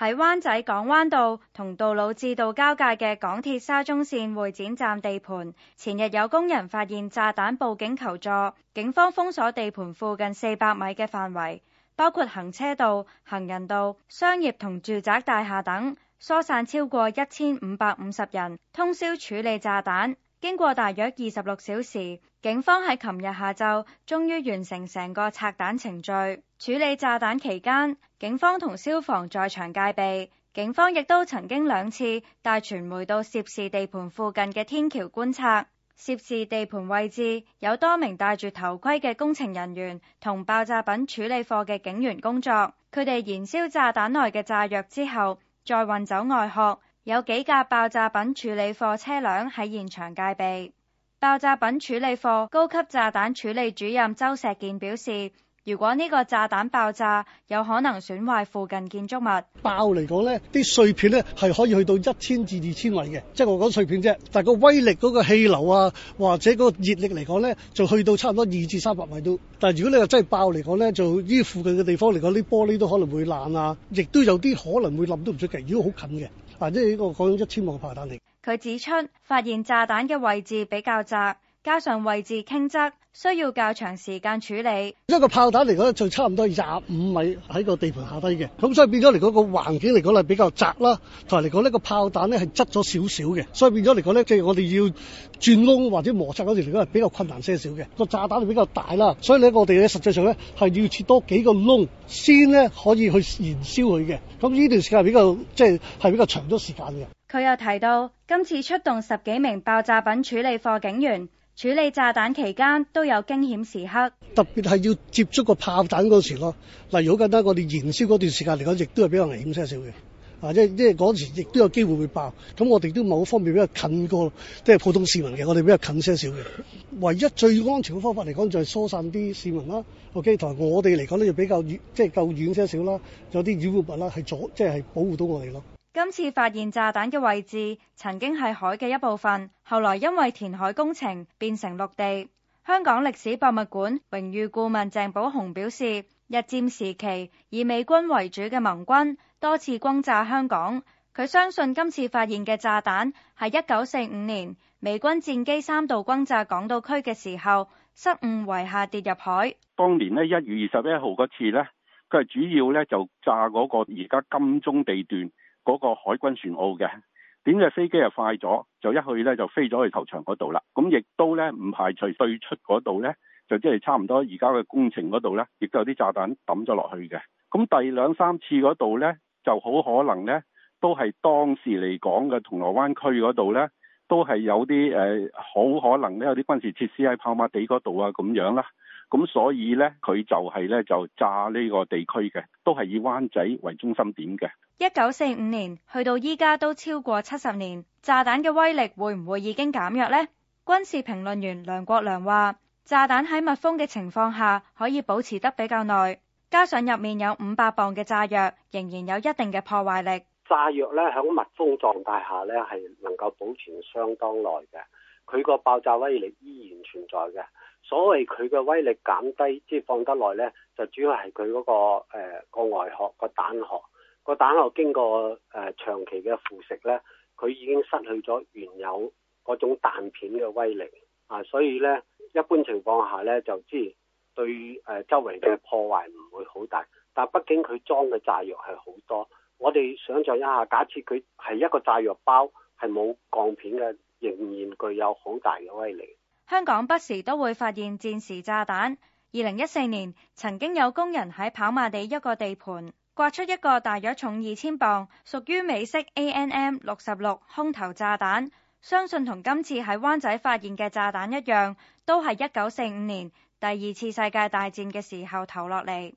喺灣仔港灣道同杜老誌道交界嘅港鐵沙中綫會展站地盤，前日有工人發現炸彈報警求助，警方封鎖地盤附近四百米嘅範圍，包括行車道、行人道、商業同住宅大廈等，疏散超過一千五百五十人，通宵處理炸彈。經過大約二十六小時，警方喺琴日下晝終於完成成個拆彈程序。處理炸彈期間，警方同消防在場戒備。警方亦都曾經兩次帶傳媒到涉事地盤附近嘅天橋觀察。涉事地盤位置有多名戴住頭盔嘅工程人員同爆炸品處理課嘅警員工作。佢哋燃燒炸彈內嘅炸藥之後，再運走外殼。有幾架爆炸品處理課車輛喺現場戒備。爆炸品處理課高級炸彈處理主任周石健表示，如果呢個炸彈爆炸，有可能損壞附近建築物。爆嚟講，呢啲碎片咧係可以去到一千至二千米嘅，即係我講碎片啫。但係個威力嗰個氣流啊，或者嗰個熱力嚟講呢就去到差唔多二至三百米都。但係如果你話真係爆嚟講呢就呢附近嘅地方嚟講，啲玻璃都可能會爛啊，亦都有啲可能會冧都唔出奇，如果好近嘅。反正係呢個講一千磅嘅炸彈嚟。佢指出，發現炸彈嘅位置比較窄。加上位置傾側，需要較長時間處理。一係個炮彈嚟講，就差唔多廿五米喺個地盤下低嘅，咁所以變咗嚟講個環境嚟講係比較窄啦。同埋嚟講呢個炮彈呢係側咗少少嘅，所以變咗嚟講呢，即係我哋要轉窿或者摩擦嗰時嚟講係比較困難些少嘅。個炸彈就比較大啦，所以呢，我哋咧實際上呢係要切多幾個窿先呢，可以去燃燒佢嘅。咁呢段時間比較即係係比較長咗時間嘅。佢又提到，今次出動十幾名爆炸品處理課警員。處理炸彈期間都有驚險時刻，特別係要接觸個炮彈嗰時咯。例如好簡單，我哋燃燒嗰段時間嚟講，亦都係比較危險些少嘅。啊，即係即係嗰時亦都有機會會爆。咁我哋都某方面比較近過，即係普通市民嘅，我哋比較近些少嘅。唯一最安全嘅方法嚟講，就係疏散啲市民啦。OK，同埋我哋嚟講咧，就比較遠，即係夠遠些少啦。有啲掩護物啦，係阻，即係保護到我哋咯。今次發現炸彈嘅位置曾經係海嘅一部分，後來因為填海工程變成陸地。香港歷史博物館榮譽顧問鄭寶雄表示，日戰時期以美軍為主嘅盟軍多次轟炸香港，佢相信今次發現嘅炸彈係一九四五年美軍戰機三度轟炸港島區嘅時候失誤遺下跌入海。當年呢，一月二十一號嗰次呢，佢係主要呢，就炸嗰個而家金鐘地段。嗰個海軍船澳嘅點嘅飛機又快咗，就一去呢，就飛咗去投場嗰度啦。咁亦都呢，唔排除對出嗰度呢，就即係差唔多而家嘅工程嗰度呢，亦都有啲炸彈抌咗落去嘅。咁第兩三次嗰度呢，就好可能呢，都係當時嚟講嘅銅鑼灣區嗰度呢，都係有啲誒，好可能呢，有啲軍事設施喺跑馬地嗰度啊咁樣啦。咁所以呢，佢就係呢，就炸呢個地區嘅，都係以灣仔為中心點嘅。一九四五年去到依家都超過七十年，炸彈嘅威力會唔會已經減弱呢？軍事評論員梁國良話，炸彈喺密封嘅情況下可以保持得比較耐，加上入面有五百磅嘅炸藥，仍然有一定嘅破壞力。炸藥咧響密封狀態下咧係能夠保存相當耐嘅，佢個爆炸威力依然存在嘅。所謂佢嘅威力減低，即係放得耐咧，就主要係佢嗰個誒個外殼、個彈殼。個彈殼經過誒長期嘅腐蝕咧，佢已經失去咗原有嗰種彈片嘅威力啊，所以咧一般情況下咧就知對誒周圍嘅破壞唔會好大，但係畢竟佢裝嘅炸藥係好多，我哋想象一下，假設佢係一個炸藥包係冇鋼片嘅，仍然具有好大嘅威力。香港不時都會發現戰時炸彈。二零一四年，曾經有工人喺跑馬地一個地盤。刮出一個大約重二千磅，屬於美式 ANM 六十六空投炸彈，相信同今次喺灣仔發現嘅炸彈一樣，都係一九四五年第二次世界大戰嘅時候投落嚟。